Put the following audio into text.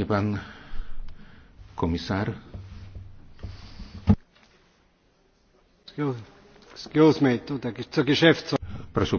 je pán komisár. Excuse me, tu taký, šéf, co